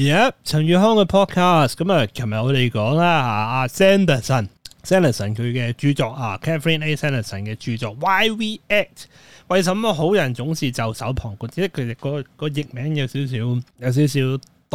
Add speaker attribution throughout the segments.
Speaker 1: 而家、yeah, 陳玉康嘅 podcast，咁啊，琴日我哋講啦，阿 Anderson，Anderson 佢嘅著作啊，Catherine Anderson 嘅著作《Why We Act》，為什麼好人總是袖手旁觀？即係佢哋個個譯名有少少，有少少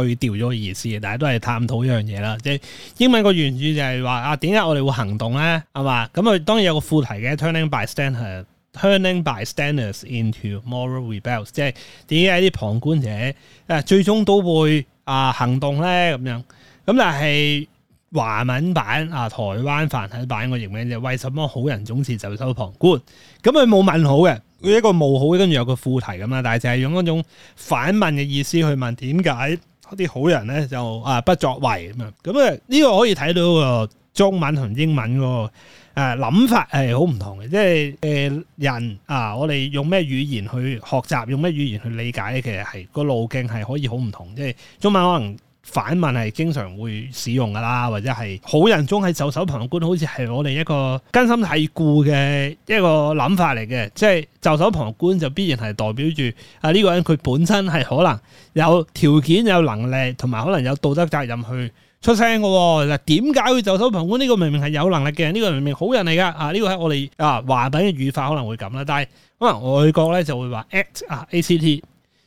Speaker 1: 對調咗意思嘅，大家都係探討一樣嘢啦。即係英文個原語就係話啊，點解我哋會行動咧？係嘛？咁啊，當然有個副題嘅 Turning b y s t a n d e r t u r n i n g bystanders into moral rebels，即係點解啲旁觀者啊，最終都會。啊行動咧咁樣，咁但係華文版啊，台灣繁體版個名就係為什麼好人總是袖手旁觀？咁佢冇問號嘅，佢一個冇號，跟住有個副題咁啦，但係就係用嗰種反問嘅意思去問點解啲好人咧就啊不作為咁啊？咁啊呢個可以睇到、那個。中文同英文個，誒、啊、諗法係好唔同嘅，即係誒、呃、人啊，我哋用咩語言去學習，用咩語言去理解，其實係、個路徑係可以好唔同。即係中文可能反問係經常會使用㗎啦，或者係好人中係袖手旁觀，好似係我哋一個根深蒂固嘅一個諗法嚟嘅。即係袖手旁觀就必然係代表住啊呢、呢個人佢本身係可能有條件有能力，同埋可能有道德責任去。出聲嘅嗱，點解會袖手旁觀？呢、這個明明係有能力嘅，呢、這個明明好人嚟噶啊！呢、這個係我哋啊華文嘅語法可能會咁啦，但係可能外國咧就會話 act 啊 act，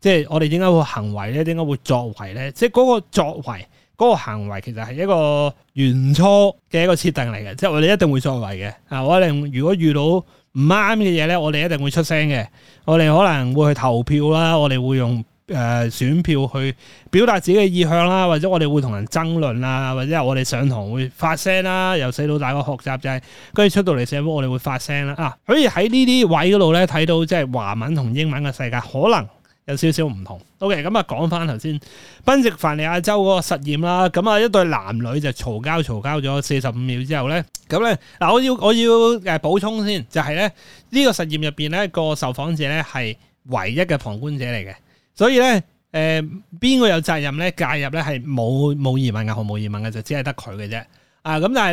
Speaker 1: 即係我哋點解會行為咧？點解會作為咧？即係嗰個作為嗰、那個行為，其實係一個原初嘅一個設定嚟嘅，即係我哋一定會作為嘅啊！我、啊、哋如果遇到唔啱嘅嘢咧，我哋一定會出聲嘅，我哋可能會去投票啦，我哋會用。誒、呃，選票去表達自己嘅意向啦，或者我哋會同人爭論啦，或者我哋上堂會發聲啦。由細到大個學習就係，跟住出到嚟社會，我哋會發聲啦。啊，可以喺呢啲位嗰度咧，睇到即係華文同英文嘅世界，可能有少少唔同。OK，咁、嗯、啊，講翻頭先，賓夕凡尼亞州嗰個實驗啦。咁、嗯、啊，一對男女就嘈交嘈交咗四十五秒之後咧，咁咧嗱，我要我要誒補充先，就係咧呢個實驗入邊咧，個受訪者咧係唯一嘅旁觀者嚟嘅。所以咧，誒邊個有責任咧？介入咧係冇冇疑問、毫無冇疑問嘅就只係得佢嘅啫。啊，咁但係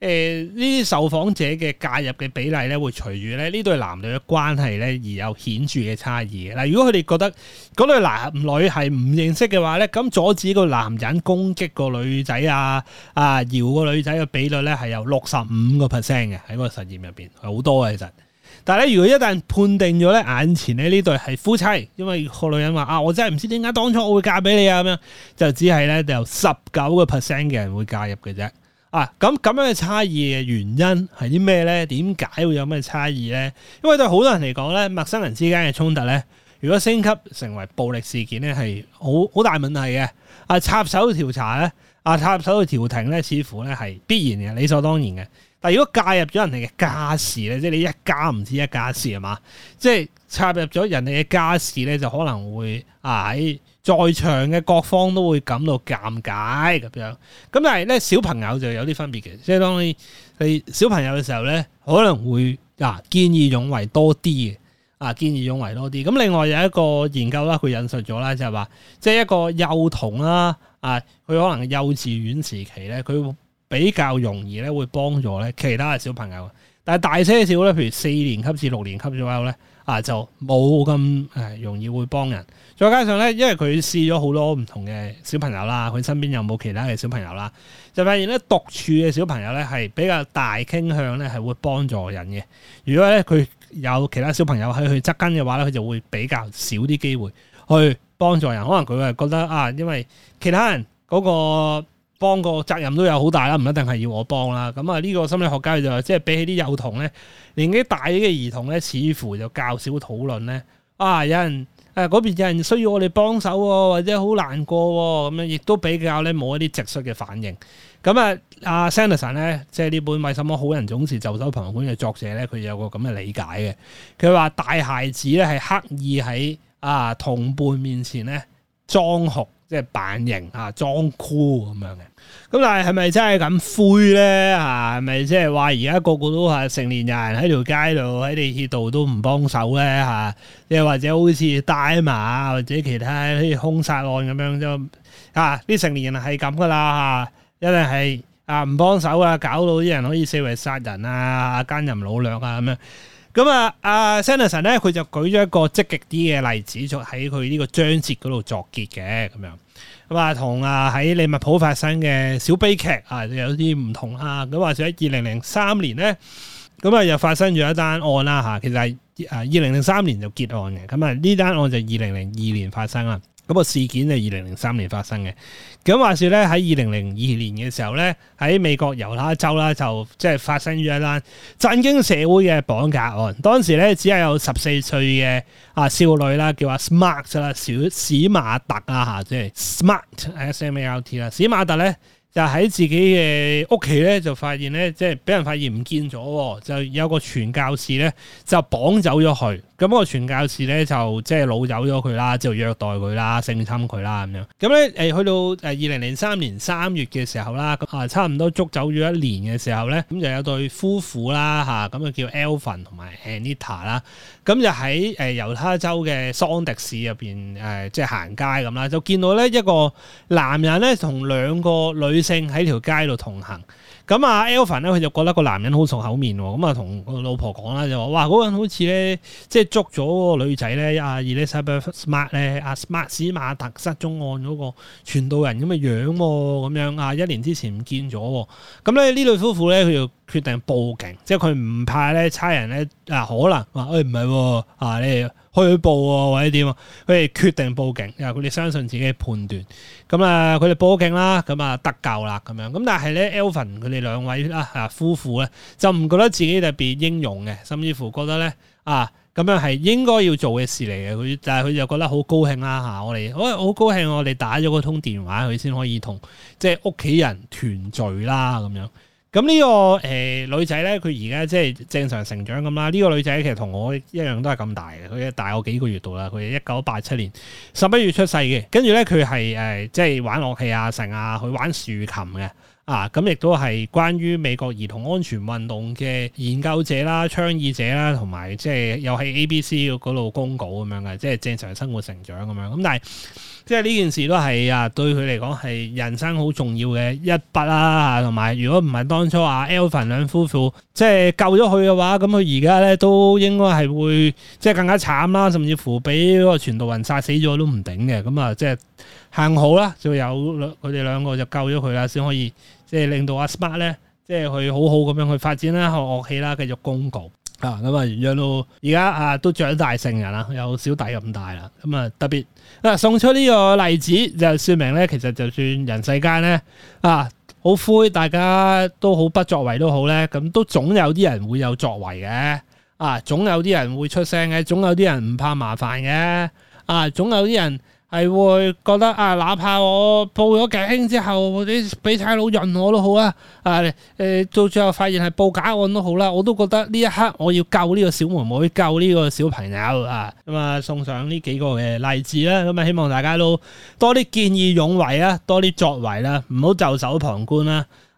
Speaker 1: 咧，誒呢啲受訪者嘅介入嘅比例咧，會隨住咧呢對男女嘅關係咧而有顯著嘅差異嘅。嗱，如果佢哋覺得嗰對男女係唔認識嘅話咧，咁阻止個男人攻擊個女仔啊啊，搖個女仔嘅比率咧係有六十五個 percent 嘅，喺個實驗入邊，好多嘅其實。但係咧，如果一旦判定咗咧，眼前咧呢對係夫妻，因為個女人話啊，我真係唔知點解當初我會嫁俾你啊，咁樣就只係咧有十九個 percent 嘅人會介入嘅啫。啊，咁咁樣嘅差異嘅原因係啲咩咧？點解會有咩差異咧？因為對好多人嚟講咧，陌生人之間嘅衝突咧，如果升級成為暴力事件咧，係好好大問題嘅。啊，插手調查咧。啊！插手去調停咧，似乎咧係必然嘅，理所當然嘅。但係如果介入咗人哋嘅家事咧，即係你一家唔知一家事係嘛？即係插入咗人哋嘅家事咧，就可能會啊喺，哎、在場嘅各方都會感到尷尬咁樣。咁但係咧，小朋友就有啲分別嘅，即係當你係小朋友嘅時候咧，可能會啊見義勇為多啲嘅，啊見義勇為多啲。咁、啊、另外有一個研究啦，佢引述咗啦，就係、是、話，即係一個幼童啦。啊！佢可能幼稚園時期咧，佢比較容易咧會幫助咧其他嘅小朋友。但係大些少咧，譬如四年級至六年級左右咧，啊就冇咁誒容易會幫人。再加上咧，因為佢試咗好多唔同嘅小朋友啦，佢身邊有冇其他嘅小朋友啦，就發現咧獨處嘅小朋友咧係比較大傾向咧係會幫助人嘅。如果咧佢有其他小朋友喺佢側跟嘅話咧，佢就會比較少啲機會。去幫助人，可能佢係覺得啊，因為其他人嗰個幫個責任都有好大啦，唔一定係要我幫啦。咁啊，呢個心理學家就即係比起啲幼童咧，年紀大嘅兒童咧，似乎就較少討論咧。啊，有人誒嗰、啊、邊有人需要我哋幫手喎，或者好難過喎，咁樣亦都比較咧冇一啲直率嘅反應。咁啊，阿、啊、Sanderson 咧，即係呢本《為什麼好人總是袖手旁觀》嘅作者咧，佢有個咁嘅理解嘅。佢話大孩子咧係刻意喺。啊！同伴面前咧，裝酷即係扮型啊，裝酷咁樣嘅。咁但係係咪真係咁灰咧？嚇，係咪即係話而家個個都係成年人喺條街度喺地鐵度都唔幫手咧？嚇、啊，又或者好似大麻或者其他啲兇殺案咁樣啫。嚇、啊、啲成年人係咁噶啦嚇，因、啊、一定係啊唔幫手啊，搞到啲人可以四圍殺人啊、奸淫擄掠啊咁樣。咁啊，阿 Sennison 咧，佢就舉咗一個積極啲嘅例子，就喺佢呢個章節嗰度作結嘅咁樣。咁啊，同啊喺利物浦發生嘅小悲劇啊，有啲唔同啊。咁或者喺二零零三年咧，咁啊又發生咗一單案啦吓、啊，其實係啊，二零零三年就結案嘅。咁啊，呢單案就二零零二年發生啦。咁個事件係二零零三年發生嘅，咁話說咧，喺二零零二年嘅時候咧，喺美國猶他州啦，就即係發生咗一單震驚社會嘅綁架案。當時咧，只係有十四歲嘅啊少女啦，叫阿 Smart 啦，小史馬特啊吓，即係 Smart S M A L T 啦，史馬特咧。就喺自己嘅屋企咧，就發現咧，即係俾人發現唔見咗，就有個傳教士咧就綁走咗佢。咁個傳教士咧就即係老走咗佢啦，就虐待佢啦、性侵佢啦咁樣，咁咧誒去到誒二零零三年三月嘅時候啦，咁啊差唔多捉走咗一年嘅時候咧，咁就有對夫婦啦吓，咁啊叫 Alvin 同埋 Anita 啦。咁就喺誒猶他州嘅桑迪市入邊誒即係行街咁啦，就見到咧一個男人咧同兩個女。喺條街度同行，咁啊，Alvin 咧，佢就覺得個男人好熟口面，咁、嗯、啊，同個老婆講啦，就話：，哇，嗰個人好似咧，即係捉咗個女仔咧，阿 Elizabeth Smart 咧，阿 Smart 斯馬特失蹤案嗰個傳道人咁嘅樣，咁、嗯、樣啊，一年之前唔見咗，咁咧呢對夫婦咧，佢就。決定報警，即係佢唔怕咧差人咧，啊可能話：，誒唔係喎，啊你去報啊，或者點啊？佢哋決定報警，又佢哋相信自己嘅判斷。咁啊，佢哋報警啦，咁啊得救啦，咁樣。咁但係咧，Elvin 佢哋兩位啦，啊夫婦咧，就唔覺得自己特別英勇嘅，甚至乎覺得咧，啊咁樣係應該要做嘅事嚟嘅。佢但係佢就覺得好高興啦嚇、啊，我哋我好高興我哋打咗個通電話，佢先可以同即係屋企人團聚啦咁樣。咁呢、這個誒、呃、女仔咧，佢而家即係正常成長咁啦。呢、這個女仔其實同我一樣都係咁大嘅，佢大我幾個月度啦。佢一九八七年十一月出世嘅，跟住咧佢係誒即係玩樂器啊、成啊，去玩豎琴嘅啊。咁亦都係關於美國兒童安全運動嘅研究者啦、倡議者啦，同埋即係又係 ABC 嗰度公稿咁樣嘅，即係正常生活成長咁樣。咁、嗯、但係。即係呢件事都係啊，對佢嚟講係人生好重要嘅一筆啦，同埋如果唔係當初阿 Elvin 兩夫婦即係救咗佢嘅話，咁佢而家咧都應該係會即係更加慘啦，甚至乎俾嗰個傳道人殺死咗都唔頂嘅。咁、嗯、啊，即係幸好啦，就有佢哋兩個就救咗佢啦，先可以即係令到阿 Smart 咧，即係佢好好咁樣去發展啦，學樂器啦，繼續攻讀。啊，咁啊，讓到而家啊，都長大成人啦，有小弟咁大啦，咁啊特別啊，送出呢個例子就説明咧，其實就算人世間咧啊，好灰，大家都好不作為都好咧，咁、啊、都總有啲人會有作為嘅，啊，總有啲人會出聲嘅，總有啲人唔怕麻煩嘅，啊，總有啲人。係會覺得啊，哪怕我報咗警之後，或者俾差佬潤我都好啊！啊誒，到最後發現係報假案都好啦，我都覺得呢一刻我要救呢個小妹妹，救呢個小朋友啊！咁啊、嗯，送上呢幾個嘅例子啦，咁啊，希望大家都多啲見義勇為啊，多啲作為啦，唔好袖手旁觀啦。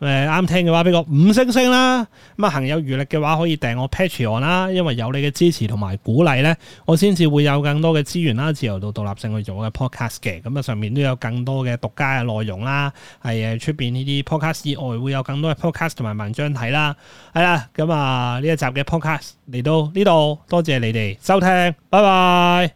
Speaker 1: 啱，嗯、聽嘅話俾個五星星啦，咁，嗯、啊，行有餘力嘅話可以訂我 Patreon 啦，因為有你嘅支持同埋鼓勵呢，我先至會有更多嘅資源啦，自由度獨立性去做我嘅 podcast 嘅，咁，嗯、啊，上面都有更多嘅獨家嘅內容啦，係誒，出邊呢啲 podcast 以外，會有更多嘅 podcast 同埋文章睇啦，係啦，咁，嗯、啊，呢一集嘅 podcast 嚟到呢度，多謝你哋收聽，拜拜。